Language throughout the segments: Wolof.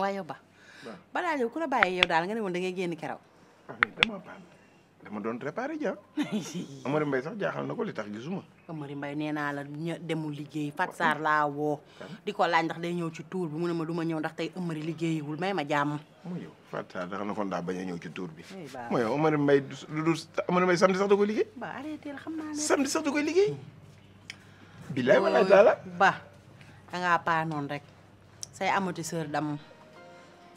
waaye yow ba. waaw balaa yow ku la bàyyi yow daal nga ne woon da ngay génn keroog. ah mais dama paan dama doon préparé ja. Amary Mbaye sax jaaxal na ko li tax gisuma. Amary Mbaye nee naa la demul liggéey Fat Sarr laa woo. di ko laaj day ñëw ci tour bi mu ne ma du ma ñëw ndax tey Amary liggéeyiwul may ma jàmm. mu yow a ñëw ci tour bi. mu yow Amary Mbaye du du Amary Mbaye samedi sax da ba arrêté xam naa ne samedi sax da koy liggéey. bilaay walaay taala ba da rek say amati sœur dam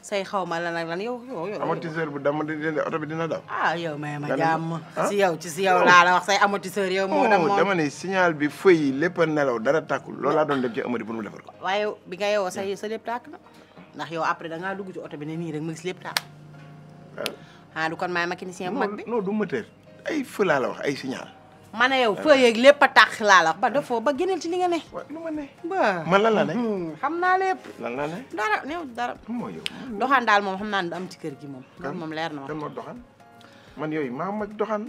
say xaw ma lan ak lan yow yow yow. amortisseur bu dama di oto bi dina daw. ah yow may ma jàmm. si yow ci si yow laa la wax say amortisseur yow. moo oh, dem moom dama ne signal bi feu yi lépp a nelaw dara tàkkul loolu laa doon dem ci amari pour mu defar ko. waaye bi nga yeewoo say sa lépp tàkk na ndax yow après da ngaa dugg ci oto bi ne nii rek ma gis lépp tàkk. ah du kon maay mécanicien bu mag bi. non du moteur ay feu laa la wax ay signal. ma ne yow feuille yeeg lépp a tax laa la ba dafoo ba génneel ci li nga ne. lu ma ne. man lan la ne. Hmm, xam naa lépp. lan la ne. dara néew dara. mooy yow. doxaan daal moom xam naa ne du am ci kër gi moom. loolu moom leer na ma. kan moo doxaan man yooyu maa ma doxaan.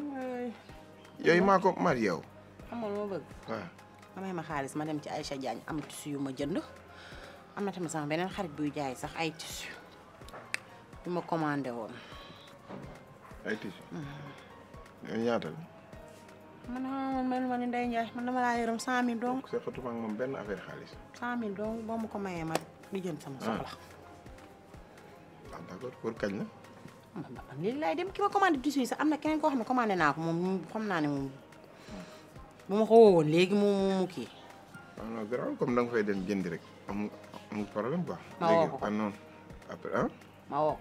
yooyu maa ko mar yow. xam nga lu ma bëgg. waaw. ma may ma xaalis ma dem ci Aïcha Diagne am tissu yu ma jënd am na tamit sama beneen xarit buy jaay sax ay tissu yu ma commandé woon. ay tissu. Hmm. ñaata la. ma ni Ndeye Ndiaye man cent mille dong. donc seqatuma ak affaire xaalis. cent mille dong ma ko mayee ma di jënd sama ah. soxla. ah d'accord pour kañ am na kenn koo xam ne commandé naa ko moom xam naa ne moom ma ko woowoon léegi mu mu kii. waaw ah, non garaaw comme da nga dem jëndi rek amul amul problème quoi. ma ah, ma woo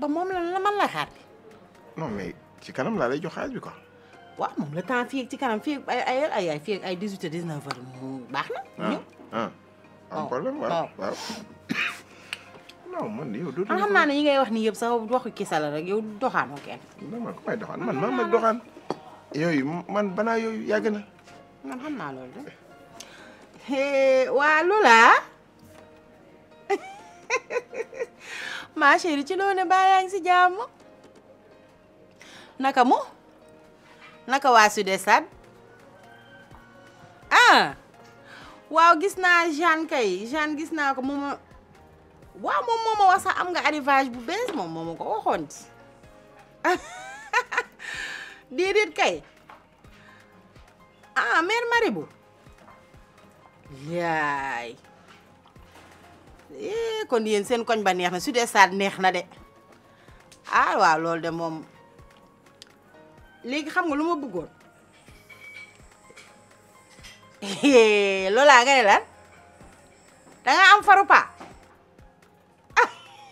ba moom la la man la xaar. non mais ci kanam laa lay jox xaalis bi quoi. waaw moom le temps fii ci kanam fii ay ay ay ay fii ay dix huit dix neuf heures mu baax na. Ah, ñëw ah ah am oh, problème waaw oh. waaw. non man yow naa ne yi ngay wax ni yëpp sax waxu kisa rek yow doxaanoo kenn. ma ah, doxaan. yooyu man banaa yooyu ma chérie ci loo ne baa yaa ngi si jàmm. naka mu naka waa Sudesad ah waaw gis naa Jeanne kay Jeanne gis naa ko moom waaw moom moo ma wax sax am nga arrivage bu bees moom moo ma ko waxoon ci déedéet kay ah mère Maribu yaay eh, kon yéen seen koñ ba neex na Sudesad neex na de ah waaw loolu de moom. léegi xam nga lu ma bëggoon eh, loolaa nga ne lan danga am faru paa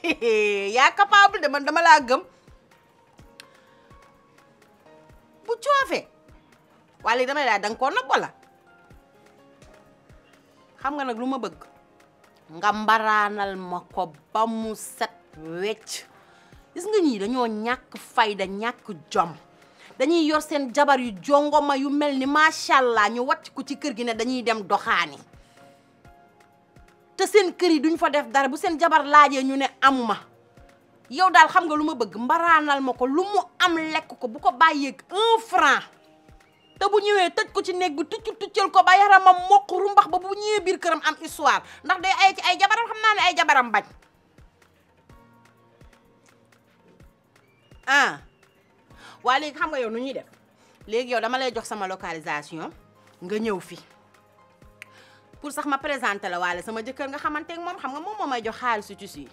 yaa capable de man dama laa gëm bu coofee wala dama laa danga koo na wala xam nga nag lu ma bëgg nga mbaraanal ma ko ba mu set wecc gis nga ñii dañoo ñàkk fayda ñàkk jom dañuy yor seen jabar yu jongoma yu mel ni macha allah ñu wàcc ko ci kër gi ne dañuy dem doxaani te seen kër yi duñ fa def dara bu seen jabar laajee ñu ne amuma yow daal xam nga lu ma bëgg mbaraanal ma ko lu mu am lekk ko bu ko bàyyeeg un franc te bu ñëwee tëj ko ci néeg bi tucc tuccal ko ba ma mokk rumbax ba bu ñëwee biir këram am histoire ndax day ay ci ay jabaram xam naa ne ay jabaram bañ ah waaye léegi xam nga yow nu ñuy def léegi yow dama lay jox sama localisation nga ñëw fi pour sax ma présenté la waale sama jëkkër nga xamante ak moom xam nga moom moo may jox xaalis su ci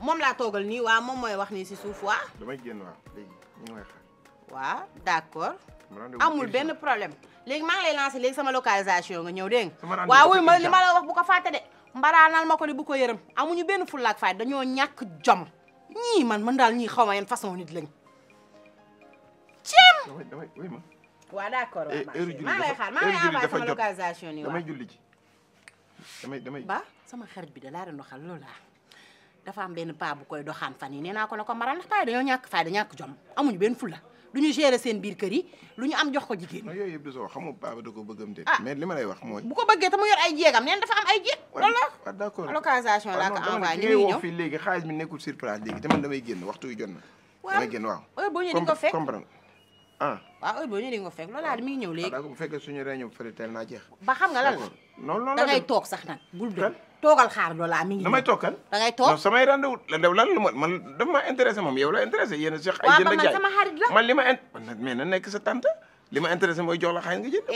moom laa toogal nii waa moom mooy wax nii si suuf waa. damay génn waa léegi ñu d'accord. amul benn problème léegi maa ngi lay lancé léegi sama localisation nga ñëw dee nga. waaw wuy ma li ma la wax bu ko fàtte de. mbaraanal ma ko ni bu ko yërëm amuñu benn fulla ak fayda dañoo ñàkk jom ñii man man daal ñii xaw ma yan façon nit lañ. damay damay oui ma. waaw d'accord waaw eh, maa lay xaar maa lay envoyé sama localisation nii waaw damay julli ji damay damay. ba sama xarit bi da laa doon waxal loolu laa dafa am benn paa bu koy doxaan fan yi nee naa ko ne ko maral ndax paa yi dañoo ñàkk fayda ñàkk jom amuñu benn fulla du ñu gérer seen biir kër yi lu ñu am jox ko jigéen ñi. yooyu yëpp du soo xamul paa ba da ko bëggam de. Ah. mais li ma lay wax mooy. bu ko bëggee te mu yor ay jéegam neen dafa am ay jéeg. loolu la waaw d'accord localisation laa ko envoyé. ñu ngi ñëw fii léegi xaalis bi nekkul surprise léegi te man damay génn waxtu yu jot na. damay génn waaw. boo ñëwee di ko fekk comprendre ah waaw heure boobu ñu di nga fekk loolu daal mi ngi ñëw ba xam nga lan la non loolu da ngay toog sax nag bul doon toogal xaar loola mi ngi damay la ndew lan la intéressé yéen a Cheikh ay jënd ak jaay sama xarit la man li ma mais na nekk sa tante li ma la xaalis nga jënd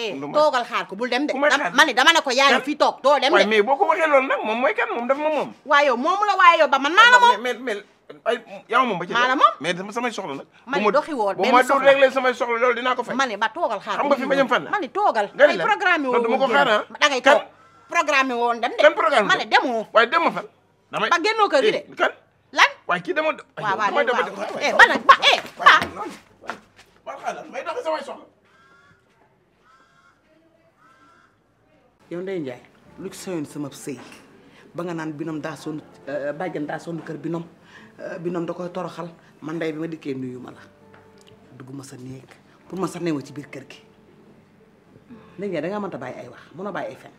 dem de ma dama ne ko yaa ngi fii toog doo dem de mais boo ko waxee la waaye yow ba man maa ay yaa moom ba ci maanaam mais dama samay soxla nag ma ne doxi woon bu ma doon réglé samay soxla loolu dinaa ko fay ma ne ba toogal xaar xam nga fi ma jëm fan ma ne toogal ay programme woon dama ko xaar ah. da ngay toog programme woon dem de kan programme ma ne demoo waaye dem ma fan damay ba génnoo kër gi de eh, kan lan waaye kii dama eh, eh, waaw waaw waaw eh ba nag ba eh ba ba xaaral may doxi samay soxla yow Ndeye Ndiaye lu ci soyoon sama sëy ba nga naan binom daa sonn euh, bàjjan daa sonn kër binom euh, binom da koy toroxal man ndey bi ma dikkee nuyu ma la ma sa néeg pour ma sax ci biir kër gi léegi da ngaa mënta bàyyi ay wax mën a bàyyi ay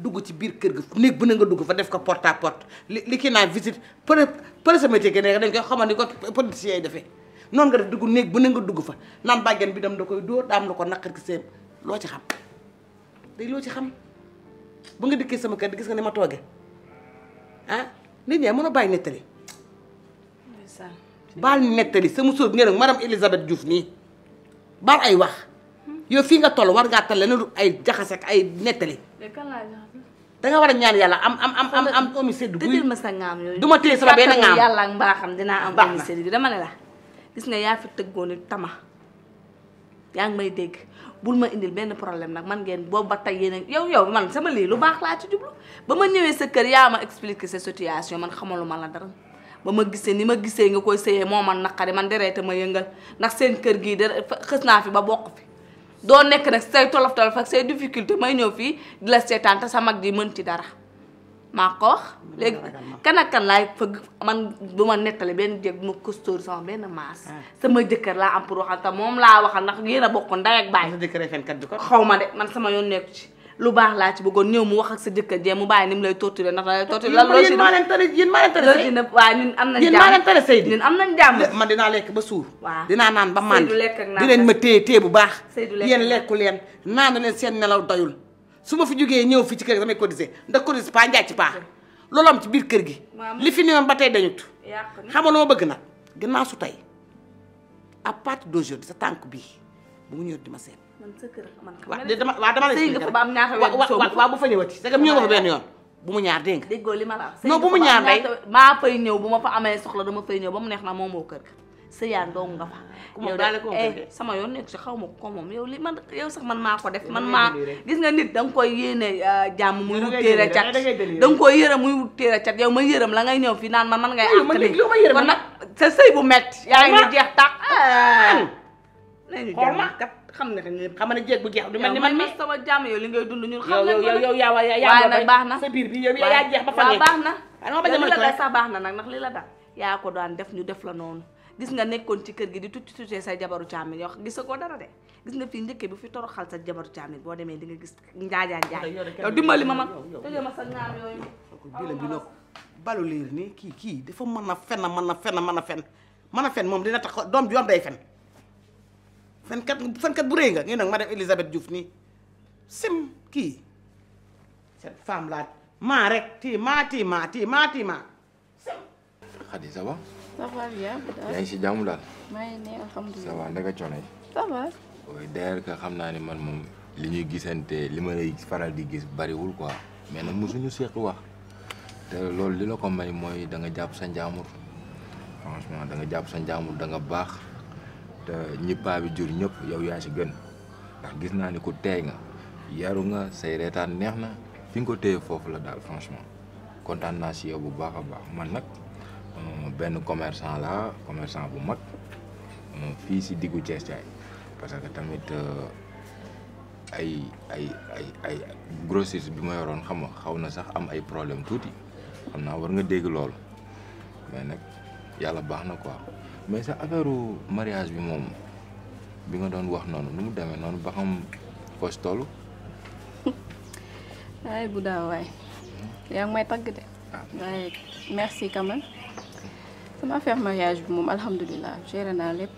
dugg ci biir kër gi néeg bu ne nga dugg fa def ko porte port porte li li kii naa visite pré présométrique ne dañ koy xamal ni ko politiciens yi defee noonu nga def dugg néeg bu ne nga dugg fa naan bàjjen bi dem da koy dóor am la ko naqar ki seen loo ci xam day loo ci xam bu nga dikkee sama kër gis nga ni ma tooge ah nit ñi mën a bàyyi nettali. baal nettali sama sóor bi nga ne madame juf Diouf nii baal ay wax yow fii nga toll war ngaa tal leneen ay jaxase ay nettali. da nga war a ñaan yàlla am am am am omi sedd guy tëjal sa ngaam yooyu du ma téye sama benn ngaam yàlla ak mbaaxam dinaa am omi sedd bi dama ne la gis nga yaa fi tëggooni tama yaa ngi may dégg bul ma indil benn problème nag man ngeen boobu ba tey yéen yow yow man sama lii lu baax laa ci jublu ba ma ñëwee sa kër yaa ma expliquer sa situation man xamaluma la dara ba ma gisee ni ma gisee nga koy sëyee moo man naqari man dereeta ma yëngal ndax seen kër gi de xës naa fi ba boq fi doo nekk nag say tolof tolof ak say difficulté may ñëw fii di la seetaan te sa mag ji mën ci dara maa ko wax léegi kan ak kan laay fëgg man bu ma nettale benn jég bu ma costoor sama benn maas ah. sama jëkkër laa am pour waxal te moom laa waxal ndax yéen a bokk ndey ak baay sa jëkkër fenkat bi ko xaw ma de man sama yoon nekku ci lu baax laa ci bëggoon ñëw mu wax ak sa jëkkër jee mu bàyyi ni mu lay torturé ndax lay torturé lan loolu si maa leen tare yéen am nañ am nañ dinaa lekk ba suur waaw dinaa naan ba mànd di leen ma téye téye bu baax yéen lekku leen naanu leen seen nelaw doyul su ma fi jógee ñëw fi ci kër gi damay cotiser ndax cotiser paa njaay ci paa loolu am ci biir kër gi. li fi néewoon ba tey dañut. xam nga lu ma bëgg nag gannaaw su tey à partir d'aujourd'hui sa tànk bii bu mu ñëw di ma seet. man sa kër man waaw dama waaw dama lay. bu fa ñëwati sa gam ñëw nga fa benn yoon. bu mu ñaar dégg nga. déggoo li ma la non bu mu ñaar day maa fay ñëw bu ma fa amee soxla dama fay ñëw ba mu neex na moom moo kër gi sëyaan dong nga fa. yow de eh, sama yoon nekk si xaw ma ko moom yow li man yow sax man maa ko def man maa gis nga nit danga koy yéene euh, jàmm muy wut téere cat danga koy yërëm muy wut téere cat yow ma yërëm la ngay ñëw fii naan man man ngay àttali kon nag sa sëy bu metti yaa ngi jeex tàq ah. nañu jàmm kat xam nga xam nga jeeg bu jeex du mel ni man mii sama jàmm yow li ngay dund ñun xam nañ yow yow yaa waaye nag baax na sa biir bi yow yaa jeex ba fa baax na li la dal sax baax na nag ndax li la dal yaa ko daan def ñu def la noonu gis nga nekkoon ci kër gi di tuuti tuuti say jabaru càmmi yoo gisa ko dara de gis nga fii njëkkee bu fi toroxal sa jabaru càmmi boo demee di nga gis njaajaa njaaj yow dimbali ma ma sa ñaar yooyu bila bi no liir nii kii kii dafa mën a fen mën a fen mën a fen mën a moom dina tax doom bi yoom day fen fenkat fenkat bu rëy nga ngi nag madame Elisabeth Diouf nii sim kii cette femme là maa rek tii maa tii maa tii maa sim ça va bien. yaa ngi si jàmm daal. maa ngi ne alhamdulilah ça va naka coono yi. ça va. oui d'ailleurs que xam naa ne man moom li ñuy gisante li ma lay faral di gis bariwul quoi mais nag mosuñu seq wax te loolu li la ko may mooy da nga jàpp sa njaamur franchement da nga jàpp sa njaamur da nga baax te ñi paa bi jur ñëpp yow yaa si gën ndax gis naa ni ku teey nga yaru nga say reetaan neex na fi nga ko téye foofu la daal franchement kontaan naa si yow bu baax a baax man nag. Euh, benn commerçant la commerçant bu mag euh, fii si diggu Thiès Thiaye parce que tamit euh, ay ay ay ay bi ma yoroon xam nga xaw na sax am ay problème tuuti xam naa war nga dégg loolu mais nag yàlla baax na ko mais sax affaire mariage bi moom bi nga doon wax noonu nu mu demee noonu ba xam fos toll. waaye bu daaw waay yaa ngi tagg de. Ah. waaye merci quand sama affaire mariage bi moom alhamdulilah géré naa lépp.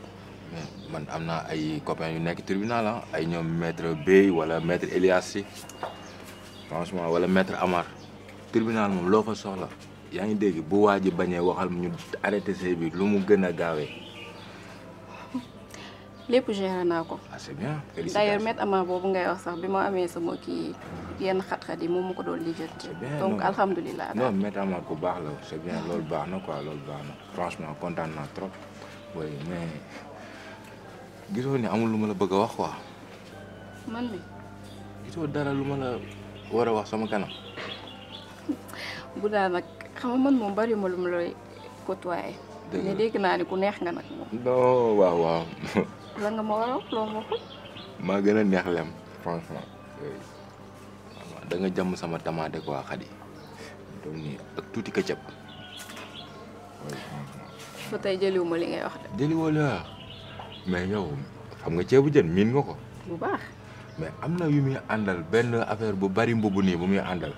man am naa ay copains yu nekk tribunal ah, ay ñoom maître Bey wala maître Elias yi franchement wala maître Amar tribunal moom loo fa soxla yaa ngi dégg bu waa ji bañee waxal ñu arrêté sëy bi lu mu gën a gaawee. lépp géré naa ko. ah c'est bien d'ailleurs maître Ama boobu ngay wax sax bi ma amee sama kii yenn xat-xat yi moom ma ko doon lijjanti. donc alhamdulilah. non maître Ama ku baax la c'est bien loolu baax na quoi loolu baax na franchement kontaan naa trop oui mais gisoo ne amul lu ma la bëgg a wax quoi. man mi gisoo dara lu ma la war a wax sama kanam. bu daa nag xam nga man moom bari ma lu ma lay côtoyer. dëgg la dégg naa ne ku neex nga nag moom. non waaw waaw. la nga ma war a wax maa gën a neex lem franchement. waaw sama tamaate quoi xadi. donc nii ak tuuti këccëg. ba tey jëliwuma li ngay wax de. jëliwoo li yow xam nga ceebu jën miin nga ko. bu baax. mais am na yu muy àndal benn affaire bu bari mbubu nii bu muy àndal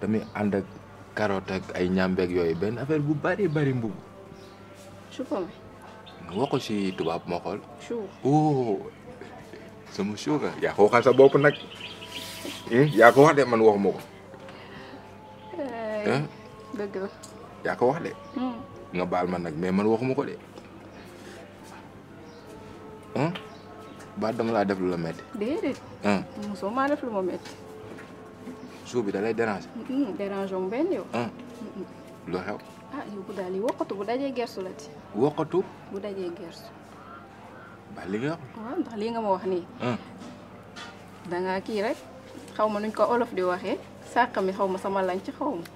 tamit ànd ak carotte ay ñàmbeeg yooyu benn affaire bu bari bari mbubu. su nga wax ko ci tubaab moo xool. suur oh sama suur yaa ko waxal sa bopp nag hmm? yaa ko wax de man waxuma ko. Eh, eh? dëgg la. yaa ko wax de. Hmm. nga baal ma nag mais man waxuma ko de. Hmm? ba dama laa def lu la métti. déedéet. mosoo maa def lu ma métti. suur bi da lay déranger. déranger mu benn xew. yow bu daal di wokkatu bu dajee gersu la ci. wokkatu. bu dajee gersu. ba li nga wax. ndax lii nga ma wax nii. Ah. da kii rek xaw ma nuñ ko olof di waxee sàq mi xaw ma sama lañ ci xaw ma.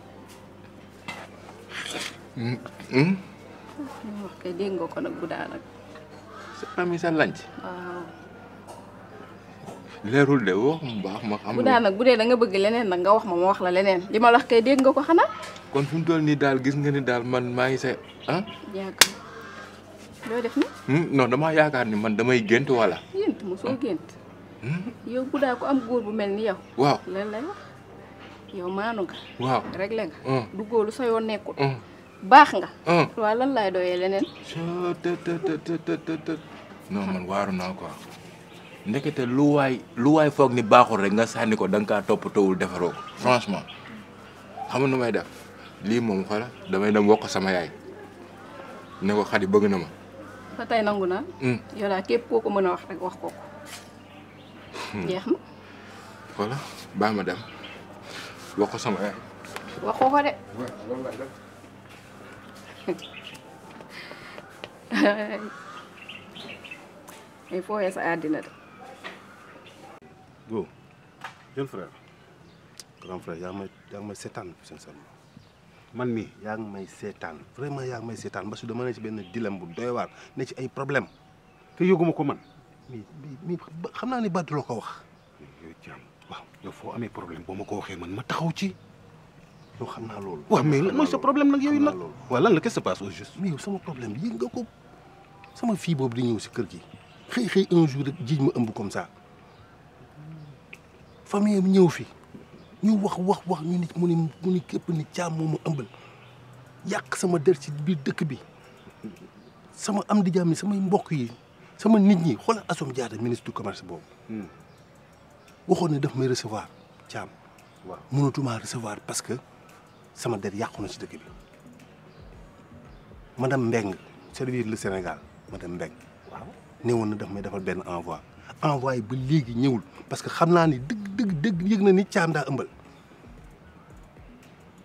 Hmm, hmm? wax kay dégg nga ko nag bu daal nag. sàq mi sa lañ leerul de wax mu baax ma xam. bu daan nag bu dee da nga bëgg leneen nag nga wax ma ma wax la leneen li ma la wax kay dégg nga ko xanaa. kon fi mu toll nii daal gis nga ni daal man maa ngi sa ah. yaakaar loo hmm? yaakaar ni man damay gént wala. gént mu soo ah. gént. Hmm? yow bu daa ko am góor bu mel ni yow. waaw lan lay wax yow maanu nga. waaw réglé nga. Hmm. du góorlu sa yoon nekkul. baax nga. waaw lan laay doyee leneen. non man waaru naa quoi. ndekete lu waay lu waay foog ni baaxul rek nga sànni ko da nga kaa toppatoowul defaroo ko franchement xam nu may def lii moom xala damay dem wax sama yaay ne ko xadi bëgg na ma. tey nangu na. Hmm. ko mën a wax wax ko ko. Hmm. de. go jeune frère grand frère yaa ngi may yaa ngi man mii yaa ngi may seetaan vraiment yaa ngi may seetaan mbasu dama ne ci benn dilemme bu doy waar ne ci ay problème te ko man mi xam naa ni Badou la ko wax yow jàmm waaw amee problème boo ma ko waxee man ma taxaw ci yow xam naa loolu waaw mais lan mooy sa problème nag yooyu nag waaw lan la qu'est-ce qui se passe nga ko sama fii boobu di ñëw si kër gi xëy xëy un jour comme ça famille bi ñëw fi ñu wax wax wax ñu mu ni mu ni képp ni caam moo ma ëmbal yàq sama der ci dëkk bi sama am di jàmm samay mbokk yi sama nit ñi xoolal Assome Diatta ministre du commerce boobu. Hmm. waxoon ne daf may recevoir caam. waaw mënatumaa recevoir parce que sama der yàqu na ci dëkk bi madame Mbeng servir le Sénégal madame Mbeng waaw ne woon may defal benn envoi envoyé ba léegi ñëwul parce que xam naa ni dëgg dëgg dëgg yëg na ni caam daa ëmbal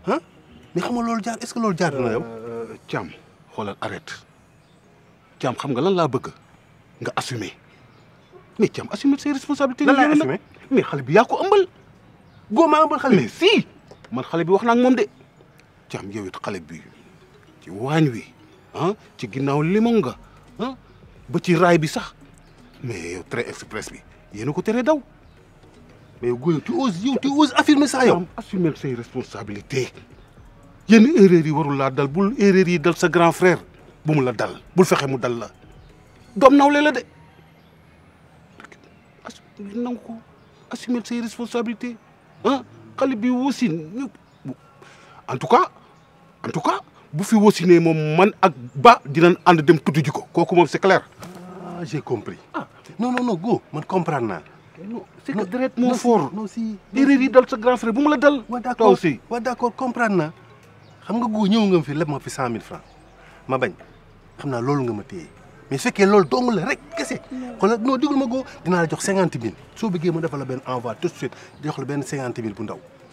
ah mais xam nga loolu jaar est-ce que loolu jaar na yow. Euh, caam xoolal arrête caam xam nga lan laa bëgg nga assumer mais caam assumer ses responsabilités. lan laay assumer mais xale bi yaa ko ëmbal. góob maa ëmbal xale bi si. man xale bi wax naa ak moom de caam yow it xale bi ci waañ wi ci ginnaaw limon nga ba ci raay bi sax mais yow train express bi yéen a ko teree daw. mais Gouye tu oses yow tu oses affirmer ça yow. assumer say yenn erreur yi warul laa dal bul erreur yi dal sa grand frère bu mu la dal bul fexe mu dal la doom nawle la de as nangu ko assumer say responsabilités ah xale bi wosin en tout cas en tout cas bu fi moom man ak ba dinañ ànd dem tuddu ji ko kooku moom c'est clair. ah j'ai compris. ah non Go man comprendre non c'est que deret moo fort non si erreur yi dal sa grand frère bu mu la dal. taw aussi waaw d'accord nga fi leb ma fi cent mille ma bañ xam naa loolu nga ma téye mais su fekkee loolu dong la rek kese xoolal non digul ma goo dinaa la jox cinquante mille soo bëggee ma defal la benn envoi tout de suite jox la benn cinquante mille bu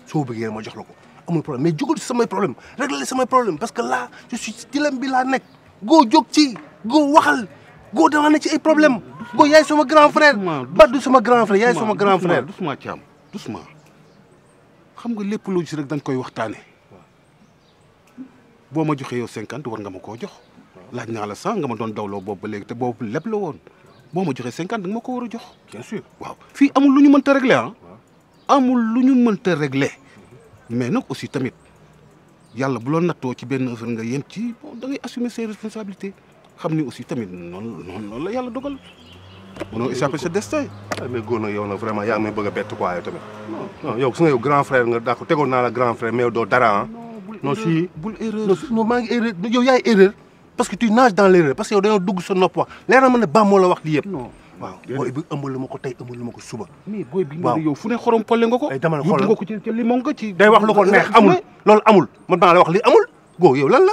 soo bëggee ma jox la ko amul problème mais jugul si samay problème régler samay problème parce que là je suis dilemme bi nekk goo jóg ci goo waxal. goo dama ne ci ay problème góor yaay sama grand frère. ba du sama grand frère yaay sama grand frère. doucement Thiam doucement xam nga lépp loo gis rek dañ koy waxtaanee boo ma joxee yow cinquante war nga ma koo jox. laaj naa la cent nga ma doon dawloo boobu ba léegi te boobu lépp la woon boo ma joxee cinquante nga ma ko war a jox. bien fi waaw fii amul lu ñu mënta régler a ah. amul lu ñu mënta régler mais nag aussi tamit yàlla bu loo nattoo ci benn affaire nga yem ci bon da ngay assumer ses xam ni aussi tamit noonu noonu la yàlla dogal. mënoo échapper sa destin. mais góor na yow nag vraiment yaa ngi may bëgg a bett quoi yow tamit. non yow su nga yow grand frère nga d'accord tegoon naa la grand frère mais yow doo dara ah. non si bul erreur non si non maa ngi erreur yow que tu nages dans l'erreur parce que yow dañoo dugg sa nopp wax leer na ma la wax lii yëpp. non waaw booy ko tey ëmbalu ma ko suba. mais booy bi nga yow fu ne xorom polle nga ko. ay dama la ko ci li moom nga ci. day wax lu ko neex amul loolu amul man maa la wax li amul góor yow lan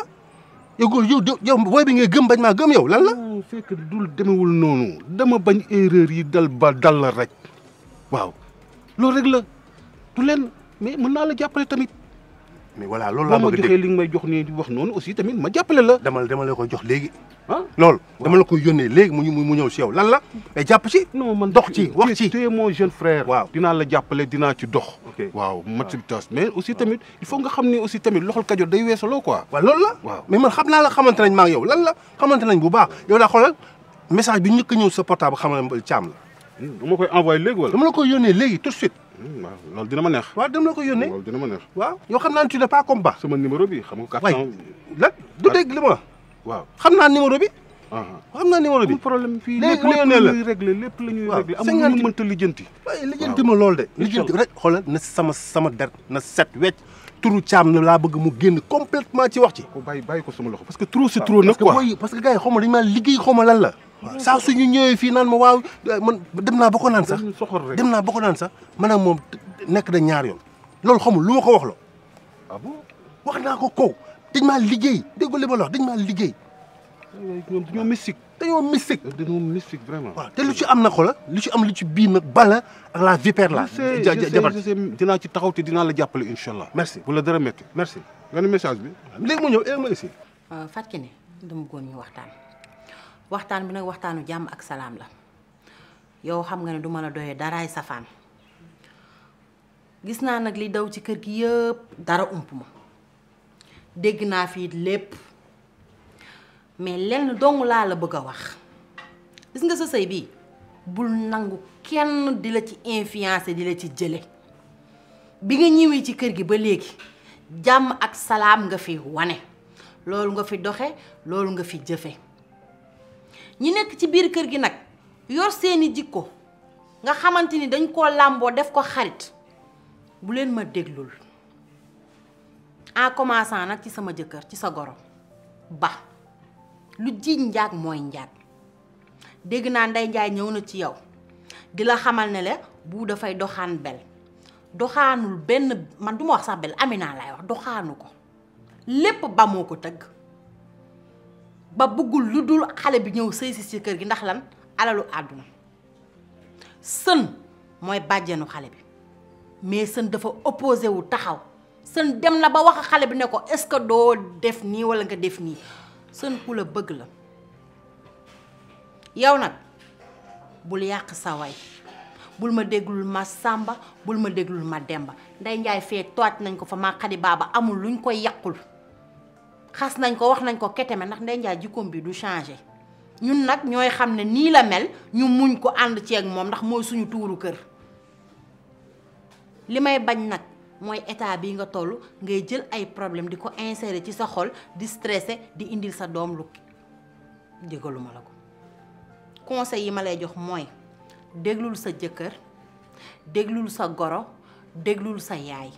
yow yow yow booy bi ngay gëm bañ maa gëm yow lan la. Mmh, fekk dul demewul noonu dama bañ erreur yi dal ba dal la rek waaw loolu rek la du leen mais mën naa la jàppale tamit. mais voilà loolu laa bëgg li nga may jox nii di wax noonu aussi tamit ma jàppale la. demal dama la jox léegi. ah loolu la koy yónnee léegi mu mu ñëw si yow lan la. mais eh, jàpp ci non dox ci wax ci tu es mon jeune la jàppale dinaa ci dox. waaw maturité ah. mais aussi ah. tamit il faut xam ni aussi tamit loxol kajoor day weesaloo quoi. waaw loolu la waaw mais man naa la xamante nañ maa ngi yow lan la xamante nañ bu baax yow daa xoolal message bi njëkk a ñëw sa portable xamal caam la. Hmm, dama koy envoyé léegi wala. dama la koy yónnee léegi tout de suite Hmm, waaw loolu dina ma neex. waaw dem la ko yónnee loolu dina ma neex. waaw xam naa ne tu n'es pas comme ba. sama numéro xam nga. 400 waay lan du dégg ma. waaw xam naa numéro bi. Ah, ah. xam naa numéro bi problème fii lépp la ñuy réglé lépp la ñuy réglé amul lu mënta lijjanti. waaw lijjanti ma loolu de. lijjanti rek xoolal na sama sama der na set wecc. turu caam na laa bëgg mu génn complètement ci wax ci. ko ko sama loxo parce que trop c'est trop nag quoi parce que gars yi xaw ma dañu liggéey xaw ma saa su ñu naan ma waaw man dem naa ba ko naan sax. dem naa ba ko naan sax man moom nekk na ñaar yoon. loolu xamul lu ma ko wax la. ah bon wax naa ko kow dañ maa liggéey déggu li ma la wax dañ maa liggéey. ñoom dañoo mystique. dañoo euh, te lu ci am na xola lu ci am lu ci bii na bala ak la vipère la. ja jabar dinaa ci taxaw te dinaa la jàppale incha allah. merci bu la dara métti nga ne message bi léegi ma ñëw léegi ma ici. Euh, Fatou Kiné dama bëggoon ñu waxtaan waxtaan bi nag waxtaanu jàmm ak salaam la yow xam nga ne du ma la doyee daray safaan gis naa nag li daw ci kër gi yëpp dara ump ma dégg naa fii lépp. mais lenn dong laa la bëgg a wax gis nga sa sëy bii bul nangu kenn di la ci influencé di la ci jële bi nga ñëwee ci kër gi ba léegi jàmm ak salaam nga fi wane loolu nga fi doxe loolu nga fi jëfe ñi nekk ci biir kër gi nag yor seeni jikko nga xamante ni dañ koo làmboo def ko xarit bu leen ma déglul en commençant nag ci sama jëkkër ci sa goro ba lu jiiñ njaag mooy njaag dégg naa Ndey Njaay ñëw na ci yow di la xamal ne le bu dafay doxaan bel doxaanul benn man du ma wax sax bel Amina laay wax doxaanu ko lépp ba moo ko tëgg ba bëggul lu dul xale bi ñëw sëy si kër gi ndax lan alalu àdduna sën mooy bàjjenu xale bi mais sën dafa opposé wu taxaw sën dem na ba wax xale bi ne ko est-ce que doo def nii walla nga def nii seen ku la bëgg la yow nag bul yàq sa way bul ma déglul ma sàmba bul ma déglul ma demba nday njaay fee tooj nañ ko fa maa xadi baaba amul luñ koy yàqul xas nañ ko wax nañ ko kete ma ndax nday njaay jikkoom bi du changé ñun nag ñooy xam ne nii la mel ñu muñ ko ànd ceeg moom ndax mooy suñu tuuru kër li may bañ nag mooy état bi nga toll ngay jël ay problème di ko insérer ci sa xol di stressé di indil sa doom lu jégaluma la ko conseil yi ma lay jox mooy déglul sa jëkkër déglul sa goro déglul sa yaay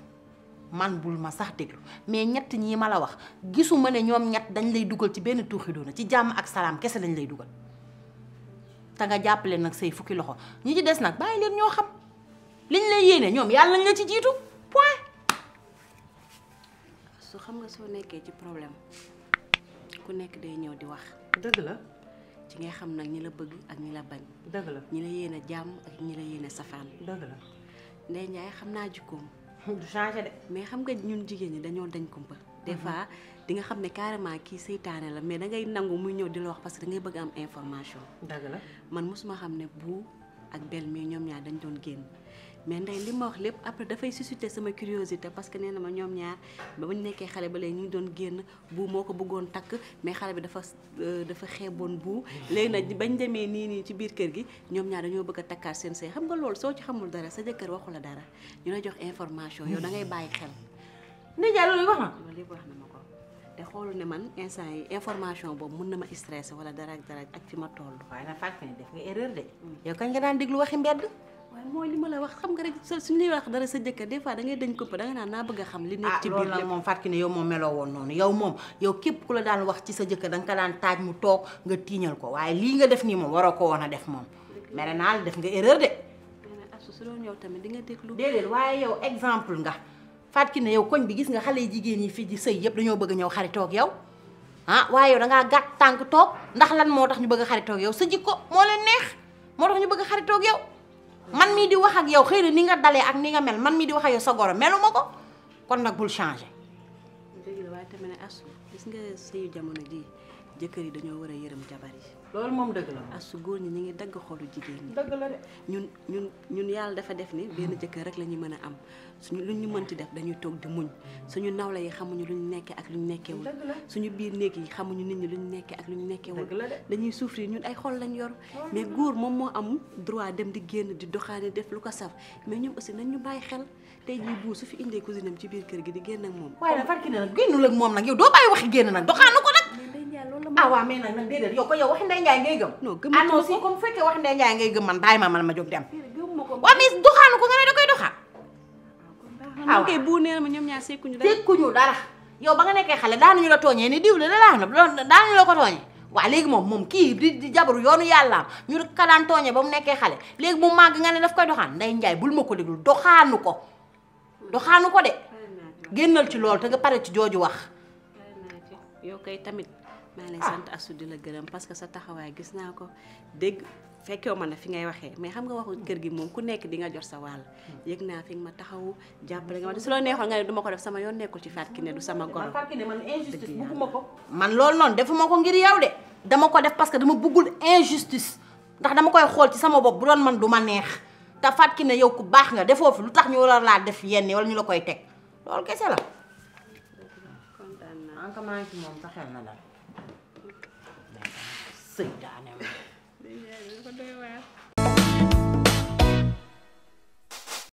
man bul ma sax déglu mais ñett ñii ma la wax gisuma ne ñoom ñett dañ lay dugal ci benn tuuxi doona ci jàmm ak salaam kese lañ lay dugal te nga jàppale nag say fukki loxo ñi ci des nag bàyyi leen ñoo xam liñ lay yéene ñoom yàlla nañ la ci jiitu su xam nga soo nekkee ci problème ku nekk day ñëw di wax. dëgg la. ci ngay xam nag ñi la bëgg ak ñi la bañ. dëgg la ñi la yéene jàmm ak ñi la yéene safaan. dëgg la Ndeye Ndiaye xam naa jikkoom. du changé mais xam nga ñun jigéen ñi dañoo dañ kumpa. des mhm. fois di nga xam ne carrément kii seytaane la mais dangay nangu muy ñëw di la wax parce que dangay bëgg am information. dëgg la man mosuma xam ne bu ak bel mi ñoom ñaar dañ doon génn. mais ndey li ma wax lépp après dafay susciter sama curiosité parce que nee na ma ñoom ñaar ba ma nekkee xale ba léegi ñu doon génn bu moo ko bëggoon takk mais xale bi dafa euh, dafa xeeboon bu léegi nag bañ demee nii nii ci biir kër gi ñoom ñaar dañoo bëgg a takkaat seen sëy xam nga loolu soo ci xamul dara sa jëkkër waxu la dara ñu la jox information yow da ngay bàyyi xel. Ndeye loolu wax na loolu yëpp wax ko te xoolu ne man instant yi information boobu mun na ma stressé wala dara ak dara ak fi ma toll. waaye nag fàttali waaye mooy li ma la wax xam nga rek suñu lay wax dara sa jëkkër des fois da ngay dañ kopp da nga naan naa bëgg a xam li nekk ah, ci biir la moom Fatou Kiné yow moom meloo woon noonu yow moom yow képp ku la daan wax ci sa jëkkër da nga ko daan taaj mu toog nga tiiñal ko waaye lii nga def nii moom waroo ko woon a def moom mere naa la nga erreur de su doon yow tamit di nga déglu déedéet waaye yow exemple nga Fatou Kiné yow koñ bi gis nga xale yi jigéen yi fii di sëy yëpp dañoo bëgg ñëw xaritoog yow ah waaye yow dangaa gàtt tànk toog ndax lan moo tax ñu bëgg xaritoog yow sa jikko moo leen neex moo bëgg xaritoog yow man mii di wax ak yow xëy na ni nga dalee ak ni nga mel man mii di wax ak yow sa goro melu ma ko kon nag bul changé. dëgg la waaye tamit ne as gis nga sëyu jamono ji jëkkër yi dañoo war a yërëm jabar yi. loolu moom dëgg la asu góor ñi ñu ngi dagg xolu jigéen ñi dëgg la ñun ñun ñun yàlla dafa def ni benn hmm. jëkkër rek la ñu mën a am suñu lu ñu mënti def dañuy toog muñ suñu nawle yi xamuñu lu ñu nekkee ak lu ñu nekkewul suñu biir néeg yi xamuñu nit ñi lu ñu nekkee ak lu ñu nekkee nekkewul dañuy souffrir ñun ay xol lañ yor hmm. mais góor moom moo am droit dem di génn di doxaani def lu ko saf mais ñu aussi nañ ñu bàyyi xel tey ñu bu su fi indee cousinam ci biir kër gi di génn ak moom waaye nag na nag génnul ak moom nag yow doo bàyyi waxi génn nag doxaanu ko ah waaw mais nag nag déedéet yow ko yow waxi Ndeye Ndiaye ngay gëm ah non si comme fekkee waxi Ndeye Ndiaye ngay gëm man bàyyi ma man ma jóg dem waaw mais doxaanu ko nga ne da koy doxaan ah kay bu nee ma ñoom ñaar sekkuñu dara sekkuñu dara yow ba nga nekkee xale daanuñu la tooñee ni diw la laa na daanuñu la ko tooñee waa léegi moom moom kii di jabaru yoonu yàllaam ñu ka daan tooñee ba mu nekkee xale léegi mu màgg nga ne daf koy doxaan Ndeye Ndiaye bul ma ko déglu doxaanu ko doxaanu ko de génnal ci loolu te nga pare ci jooju wax yow kay tamit maa ngi lay sant Astou di la gërëm parce que sa taxawaay gis naa ko dégg fekkew ma na fi ngay waxee mais xam nga waxu kër gi moom ku nekk dinga jot sa wàll yëg naa fi nga ma taxawu jàppale nga ma su la neexoon nga ne du ko def sama yoon nekkul ci Fatou Kiné du sama goro man injustice bugguma ko man loolu noonu defuma ko ngir yow de dama ko def parce que dama buggul injustice ndax dama koy xool ci sama bopp bu doon man du ma neex te Fatou ne yow ku baax nga defoo fi lu tax ñu war laa def yenn wala ñu la koy teg loolu kese la man ka maa ngi ci moom sa xel na dal sëy daane ma